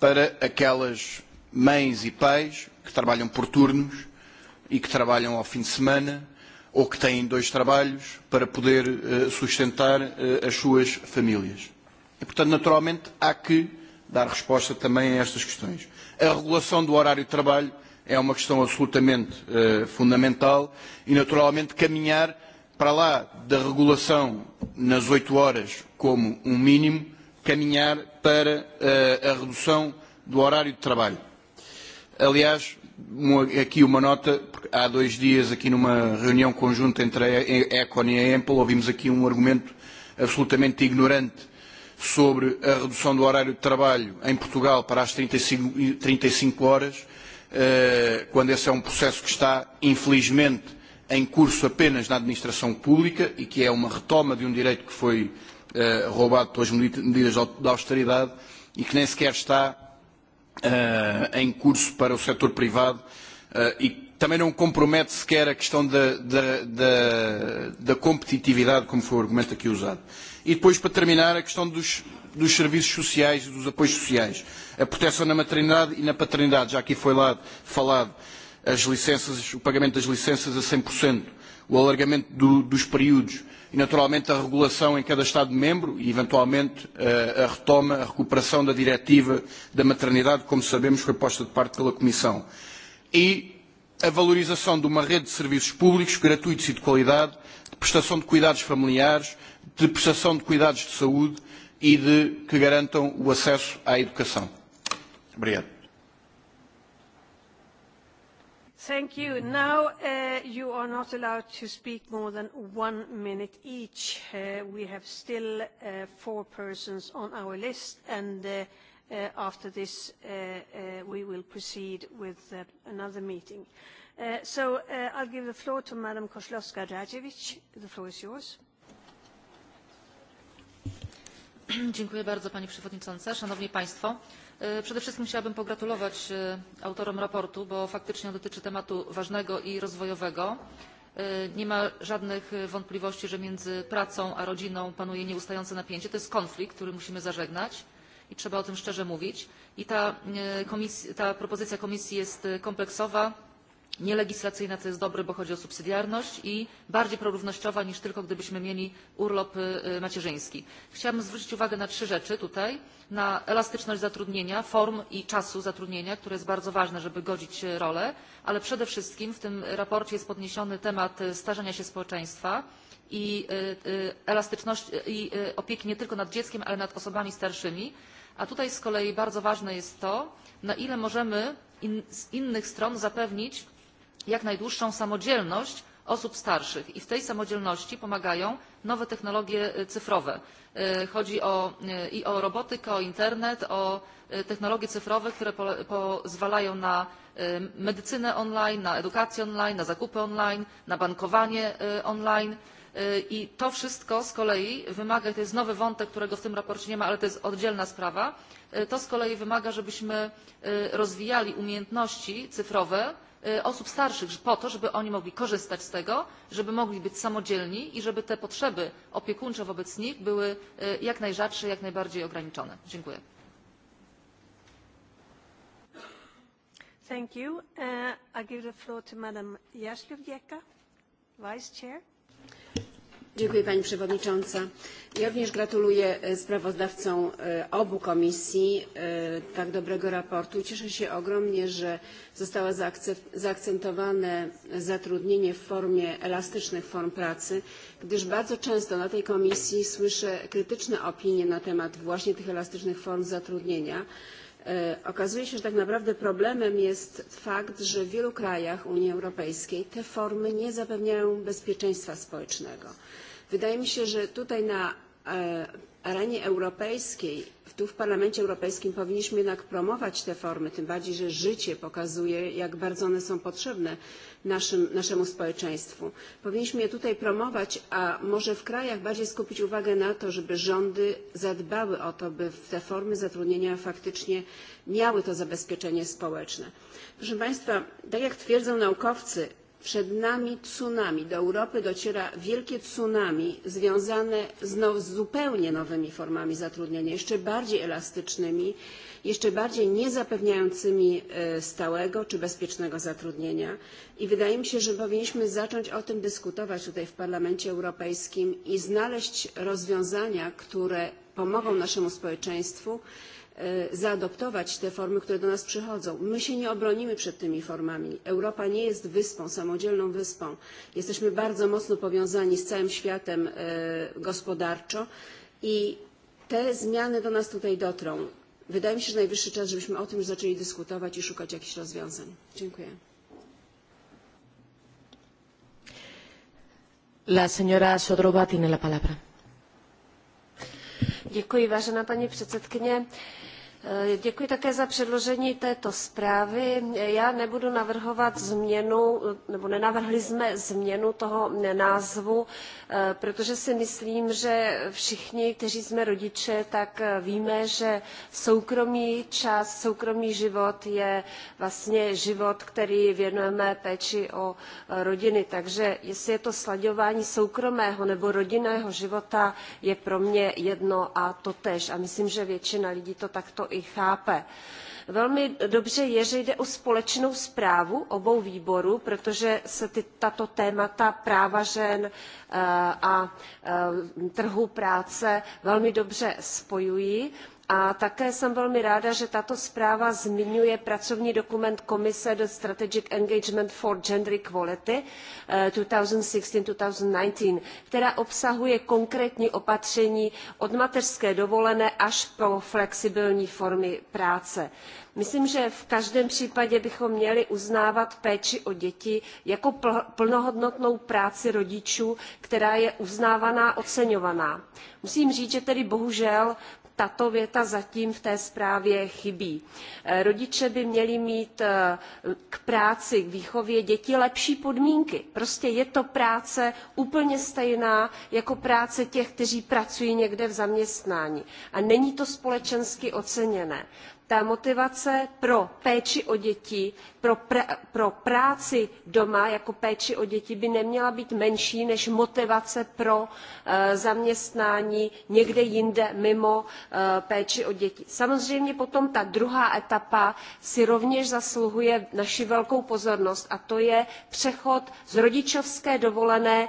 [SPEAKER 10] para aquelas mães e pais que trabalham por turnos e que trabalham ao fim de semana ou que têm dois trabalhos para poder eh, sustentar eh, as suas famílias. E, portanto, naturalmente, há que dar resposta também a estas questões. A regulação do horário de trabalho é uma questão absolutamente eh, fundamental e, naturalmente, caminhar para lá da regulação nas oito horas como um mínimo caminhar para eh, a redução do horário de trabalho. Aliás, aqui uma nota, porque há dois dias aqui numa reunião conjunta entre a e-, Econ e a Apple ouvimos aqui um argumento absolutamente ignorante sobre a redução do horário de trabalho em Portugal para as 35, 35 e e horas, eh, quando esse é um processo que está, infelizmente, em curso apenas na administração pública e que é uma retoma de um direito que foi uh, roubado pelas medidas de austeridade e que nem sequer está uh, em curso para o setor privado uh, e também não compromete sequer a questão da, da, da, da competitividade, como foi o argumento aqui usado. E depois, para terminar, a questão dos, dos serviços sociais e dos apoios sociais. A proteção na maternidade e na paternidade, já aqui foi lá falado, as licenças, o pagamento das licenças a 100%, o alargamento do, dos períodos, e naturalmente a regulação em cada Estado-membro e eventualmente a retoma, a recuperação da diretiva da maternidade, como sabemos foi posta de parte pela Comissão. E a valorização de uma rede de serviços públicos gratuitos e de qualidade, de prestação de cuidados familiares, de prestação de cuidados de saúde e de que garantam o acesso à educação. Obrigado.
[SPEAKER 1] Thank you. Now uh, you are not allowed to speak more than one minute each. Uh, we have still uh, four persons on our list, and uh, uh, after this uh, uh, we will proceed with uh, another meeting. Uh, so uh, I'll give the floor to Madam Koslowska radziewicz The floor is yours.
[SPEAKER 11] Dziękuję bardzo Pani Przewodnicząca. Szanowni Państwo. E, przede wszystkim chciałabym pogratulować e, autorom raportu, bo faktycznie dotyczy tematu ważnego i rozwojowego. E, nie ma żadnych wątpliwości, że między pracą a rodziną panuje nieustające napięcie. To jest konflikt, który musimy zażegnać i trzeba o tym szczerze mówić. I ta, komisja, ta propozycja komisji jest kompleksowa, nielegislacyjna, co jest dobre, bo chodzi o subsydiarność i bardziej prorównościowa niż tylko gdybyśmy mieli urlop macierzyński. Chciałabym zwrócić uwagę na trzy rzeczy tutaj. Na elastyczność zatrudnienia, form i czasu zatrudnienia, które jest bardzo ważne, żeby godzić rolę, ale przede wszystkim w tym raporcie jest podniesiony temat starzenia się społeczeństwa i elastyczności i opieki nie tylko nad dzieckiem, ale nad osobami starszymi. A tutaj z kolei bardzo ważne jest to, na ile możemy in, z innych stron zapewnić jak najdłuższą samodzielność osób starszych i w tej samodzielności pomagają nowe technologie e, cyfrowe. E, chodzi o, e, i o robotykę, o internet, o technologie cyfrowe, które po, pozwalają na medycynę online, na edukację online, na zakupy online, na bankowanie online. I to wszystko z kolei wymaga, to jest nowy wątek, którego w tym raporcie nie ma, ale to jest oddzielna sprawa, to z kolei wymaga, żebyśmy rozwijali umiejętności cyfrowe, E, osób starszych po to, żeby oni mogli korzystać z tego, żeby mogli być samodzielni i żeby te potrzeby opiekuńcze wobec nich były e, jak najrzadsze, jak najbardziej ograniczone. Dziękuję.
[SPEAKER 1] Thank you. Uh, I give the floor to Madam Jaśliwiecka, Vice Chair.
[SPEAKER 5] Dziękuję
[SPEAKER 12] Pani Przewodnicząca. Ja również gratuluję e, sprawozdawcom e, obu komisji e, tak dobrego raportu. Cieszę się ogromnie, że zostało zaakcentowane zatrudnienie w formie elastycznych form pracy, gdyż bardzo często na tej komisji słyszę krytyczne opinie na temat właśnie tych elastycznych form zatrudnienia. Okazuje się, że tak naprawdę problemem jest fakt, że w wielu krajach Unii Europejskiej te formy nie zapewniają bezpieczeństwa społecznego. Wydaje mi się, że tutaj na e, arenie europejskiej, tu w Parlamencie Europejskim powinniśmy jednak promować te formy, tym bardziej, że życie pokazuje, jak bardzo one są potrzebne naszym, naszemu społeczeństwu. Powinniśmy je tutaj promować, a może w krajach bardziej skupić uwagę na to, żeby rządy zadbały o to, by te formy zatrudnienia faktycznie miały to zabezpieczenie społeczne. Proszę Państwa, tak jak twierdzą naukowcy, Przed nami tsunami. Do Europy dociera wielkie tsunami związane z now, zupełnie nowymi formami zatrudnienia, jeszcze bardziej elastycznymi, jeszcze bardziej niezapewniającymi e, stałego czy bezpiecznego zatrudnienia. I wydaje mi się, że powinniśmy zacząć o tym dyskutować tutaj w Parlamencie Europejskim i znaleźć rozwiązania, które pomogą naszemu społeczeństwu E, zaadoptować te formy, które do nas przychodzą. My się nie obronimy przed tymi formami. Europa nie jest wyspą, samodzielną wyspą. Jesteśmy bardzo mocno powiązani z całym światem e, gospodarczo i te zmiany do nas tutaj dotrą. Wydaje mi się, że najwyższy czas, żebyśmy o tym już zaczęli dyskutować i szukać jakichś rozwiązań. Dziękuję.
[SPEAKER 4] La señora Sodrova tiene la palabra.
[SPEAKER 13] Děkuji, vážená paní předsedkyně. Eh, děkuji také za předložení této zprávy. Já nebudu navrhovat změnu, nebo nenavrhli jsme změnu toho názvu, eh, protože si myslím, že všichni, kteří jsme rodiče, tak eh, víme, že soukromý čas, soukromý život je vlastně život, který věnujeme péči o rodiny. Takže jestli je to slaďování soukromého nebo rodinného života, je pro mě jedno a to tež. A myslím, že většina lidí to takto i i chápe. Velmi dobře je, že jde o společnou zprávu obou výborů, protože se ty, tato témata práva žen eh, a eh, trhu práce velmi dobře spojují A také jsem velmi ráda, že tato zpráva zmiňuje pracovní dokument Komise The Strategic Engagement for Gender Equality 2016-2019, eh, která obsahuje konkrétní opatření od mateřské dovolené až po flexibilní formy práce. Myslím, že v každém případě bychom měli uznávat péči o děti jako plnohodnotnou práci rodičů, která je uznávaná a oceňovaná. Musím říct, že tedy bohužel tato věta zatím v té zprávě chybí. Eh, rodiče by měli mít eh, k práci, k výchově dětí lepší podmínky. Prostě je to práce úplně stejná jako práce těch, kteří pracují někde v zaměstnání. A není to společensky oceněné ta motivace pro péči o děti, pro, pr pro práci doma jako péči o děti by neměla být menší než motivace pro eh, zaměstnání někde jinde mimo eh, péči o děti. Samozřejmě potom ta druhá etapa si rovněž zasluhuje naši velkou pozornost a to je přechod z rodičovské dovolené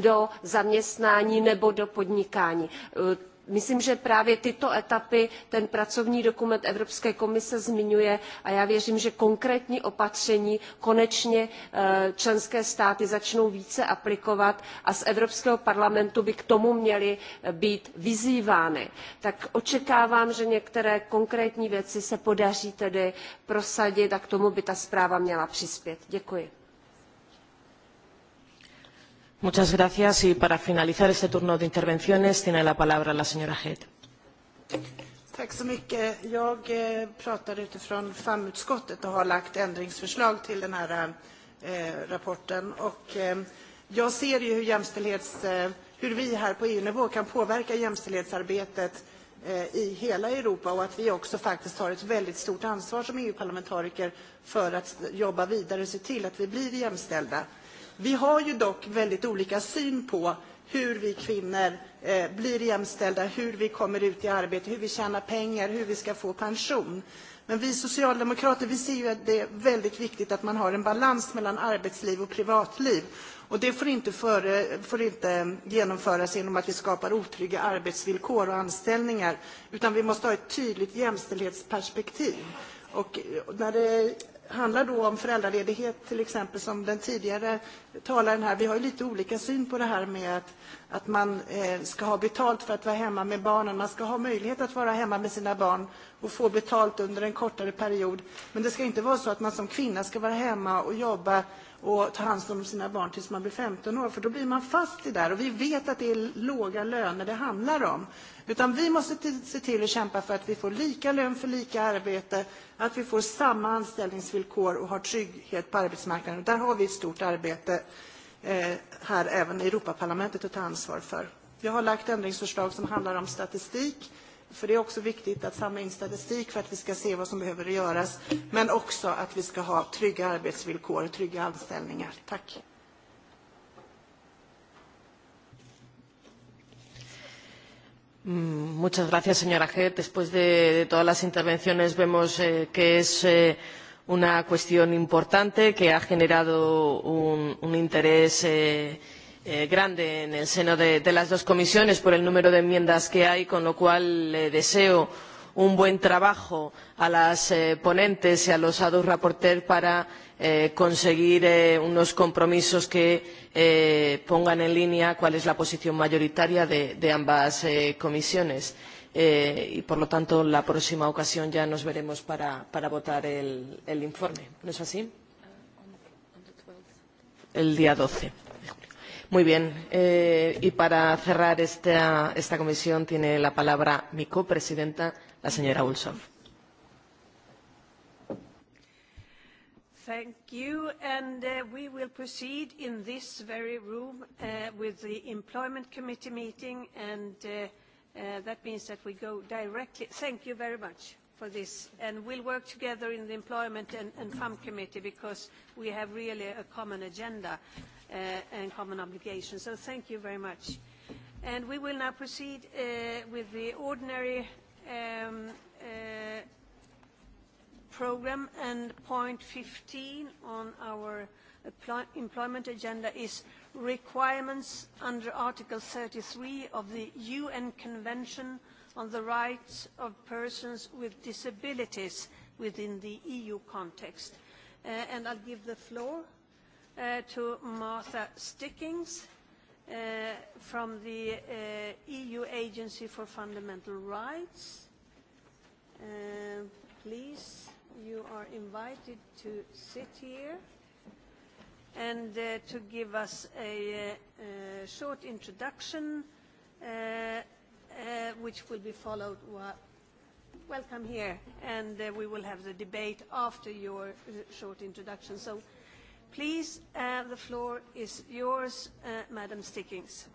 [SPEAKER 13] do zaměstnání nebo do podnikání. Eh, Myslím, že právě tyto etapy ten pracovní dokument Evropské komise zmiňuje a já věřím, že konkrétní opatření konečně eh, členské státy začnou více aplikovat a z Evropského parlamentu by k tomu měly eh, být vyzývány. Tak očekávám, že některé konkrétní věci se podaří tedy prosadit a k tomu by ta zpráva měla přispět. Děkuji.
[SPEAKER 4] Muchas gracias y para finalizar este turno de intervenciones tiene la palabra la señora Head.
[SPEAKER 14] Tack så mycket. Jag eh, pratar utifrån FAM-utskottet och har lagt ändringsförslag till den här eh, rapporten. Och, eh, jag ser ju hur, jämställdhets, hur vi här på EU-nivå kan påverka jämställdhetsarbetet i hela Europa och att vi också faktiskt har ett väldigt stort ansvar som EU-parlamentariker för att jobba vidare och se till att vi blir jämställda. Vi har ju dock väldigt olika syn på hur vi kvinnor eh, blir jämställda, hur vi kommer ut i arbete, hur vi tjänar pengar, hur vi ska få pension. Men vi socialdemokrater vi ser ju att det är väldigt viktigt att man har en balans mellan arbetsliv och privatliv. Och det får inte, för, får inte genomföras genom att vi skapar otrygga arbetsvillkor och anställningar, utan vi måste ha ett tydligt jämställdhetsperspektiv. Och när det handlar då om föräldraledighet till exempel som den tidigare talaren här. Vi har ju lite olika syn på det här med att, att man eh, ska ha betalt för att vara hemma med barnen. Man ska ha möjlighet att vara hemma med sina barn och få betalt under en kortare period. Men det ska inte vara så att man som kvinna ska vara hemma och jobba och ta hand om sina barn tills man blir 15 år, för då blir man fast i det där. Och vi vet att det är låga löner det handlar om. Utan vi måste se till att kämpa för att vi får lika lön för lika arbete, att vi får samma anställningsvillkor och har trygghet på arbetsmarknaden. Där har vi ett stort arbete eh, här även i Europaparlamentet att ta ansvar för. Jag har lagt ändringsförslag som handlar om statistik, för det är också viktigt att samla in statistik för att vi ska se vad som behöver göras, men också att vi ska ha trygga arbetsvillkor och trygga anställningar. Tack.
[SPEAKER 4] Mm, muchas gracias, señora G. Después de, de todas las intervenciones vemos eh, que es eh, una cuestión importante que ha generado un, un interés eh, eh, grande en el seno de, de las dos comisiones por el número de enmiendas que hay, con lo cual le eh, deseo un buen trabajo a las eh, ponentes y a los ADUS rapporteurs para eh, conseguir eh, unos compromisos que eh, pongan en línea cuál es la posición mayoritaria de, de ambas eh, comisiones. Eh, y, por lo tanto, la próxima ocasión ya nos veremos para, para votar el, el informe. ¿No es así? El día 12. Muy bien. Eh, y para cerrar esta, esta comisión tiene la palabra mi copresidenta, la señora Ulsov.
[SPEAKER 1] Thank you. And uh, we will proceed in this very room uh, with the Employment Committee meeting. And uh, uh, that means that we go directly. Thank you very much for this. And we'll work together in the Employment and, and FAM Committee because we have really a common agenda uh, and common obligations. So thank you very much. And we will now proceed uh, with the ordinary um, uh, program and point 15 on our employment agenda is requirements under Article 33 of the UN Convention on the Rights of Persons with Disabilities within the EU context. Uh, and I'll give the floor uh, to Martha Stickings uh, from the uh, EU Agency for Fundamental Rights. Uh, please you are invited to sit here and uh, to give us a, uh, a short introduction, uh, uh, which will be followed. Welcome here, and uh, we will have the debate after your uh, short introduction. So please, uh, the floor is yours, uh, Madam Stickings.